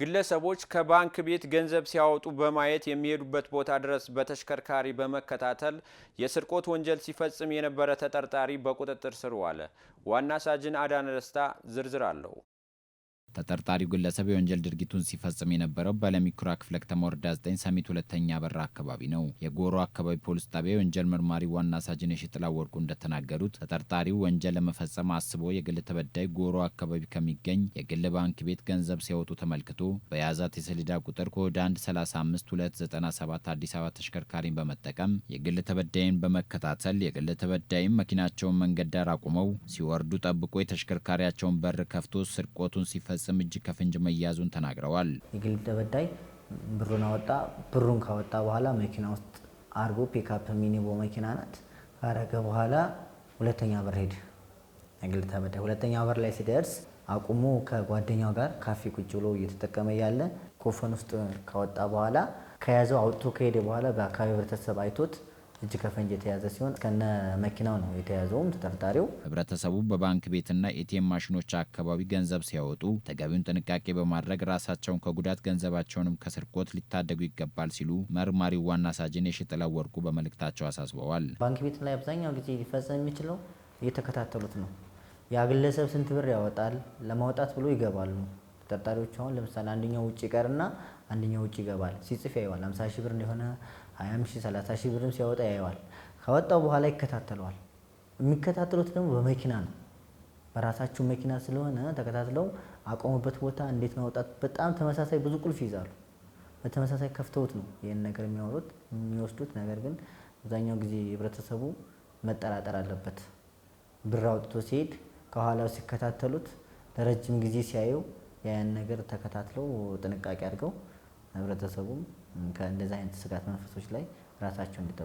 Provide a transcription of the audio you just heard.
ግለሰቦች ከባንክ ቤት ገንዘብ ሲያወጡ በማየት የሚሄዱበት ቦታ ድረስ በተሽከርካሪ በመከታተል የስርቆት ወንጀል ሲፈጽም የነበረ ተጠርጣሪ በቁጥጥር ስር ዋለ። ዋና ሳጅን አዳነ ደስታ ዝርዝር አለው። ተጠርጣሪው ግለሰብ የወንጀል ድርጊቱን ሲፈጽም የነበረው በለሚኩራ ክፍለ ከተማ ወረዳ 9 ሰሚት ሁለተኛ በራ አካባቢ ነው። የጎሮ አካባቢ ፖሊስ ጣቢያ የወንጀል መርማሪ ዋና ሳጅን የሽጥላ ወርቁ እንደተናገሩት ተጠርጣሪው ወንጀል ለመፈጸም አስቦ የግል ተበዳይ ጎሮ አካባቢ ከሚገኝ የግል ባንክ ቤት ገንዘብ ሲያወጡ ተመልክቶ በያዛት የሰሌዳ ቁጥር ኮድ 135297 አዲስ አበባ ተሽከርካሪን በመጠቀም የግል ተበዳይን በመከታተል የግል ተበዳይም መኪናቸውን መንገድ ዳር አቁመው ሲወርዱ ጠብቆ የተሽከርካሪያቸውን በር ከፍቶ ስርቆቱን ሲፈ ሲፈጽም እጅ ከፍንጅ መያዙን ተናግረዋል። የግል ተበዳይ ብሩን አወጣ። ብሩን ካወጣ በኋላ መኪና ውስጥ አርጎ ፔካፕ ሚኒቦ መኪና ናት ካረገ በኋላ ሁለተኛ በር ሄድ የግል ተበዳይ ሁለተኛ በር ላይ ሲደርስ አቁሞ ከጓደኛው ጋር ካፌ ቁጭ ብሎ እየተጠቀመ ያለ ኮፈን ውስጥ ካወጣ በኋላ ከያዘው አውጥቶ ከሄደ በኋላ በአካባቢ ህብረተሰብ አይቶት እጅ ከፈንጅ የተያዘ ሲሆን ከነ መኪናው ነው የተያዘውም ተጠርጣሪው። ህብረተሰቡ በባንክ ቤትና ኤቲኤም ማሽኖች አካባቢ ገንዘብ ሲያወጡ ተገቢውን ጥንቃቄ በማድረግ ራሳቸውን ከጉዳት ገንዘባቸውንም ከስርቆት ሊታደጉ ይገባል ሲሉ መርማሪው ዋና ሳጅን የሽጥላው ወርቁ በመልእክታቸው አሳስበዋል። ባንክ ቤት ላይ አብዛኛው ጊዜ ሊፈጸም የሚችለው እየተከታተሉት ነው። ያ ግለሰብ ስንት ብር ያወጣል፣ ለማውጣት ብሎ ይገባሉ። ተጠርጣሪዎች አሁን ለምሳሌ አንደኛው ውጭ ይቀርና አንደኛው ውጭ ይገባል። ሲጽፍ ያየዋል። 50 ሺህ ብር እንደሆነ 20 ሺህ 30 ሺህ ብርም ሲያወጣ ያየዋል። ከወጣው በኋላ ይከታተለዋል። የሚከታተሉት ደግሞ በመኪና ነው። በራሳቸው መኪና ስለሆነ ተከታትለው አቆሙበት ቦታ እንዴት ማውጣት በጣም ተመሳሳይ ብዙ ቁልፍ ይይዛሉ። በተመሳሳይ ከፍተውት ነው ይህን ነገር የሚያወሩት የሚወስዱት። ነገር ግን አብዛኛው ጊዜ ህብረተሰቡ መጠራጠር አለበት። ብር አውጥቶ ሲሄድ ከኋላው ሲከታተሉት ለረጅም ጊዜ ሲያየው ያን ነገር ተከታትለው ጥንቃቄ አድርገው ህብረተሰቡም ከእንደዚህ አይነት ስጋት መንፈሶች ላይ ራሳቸው እንዲጠብቁ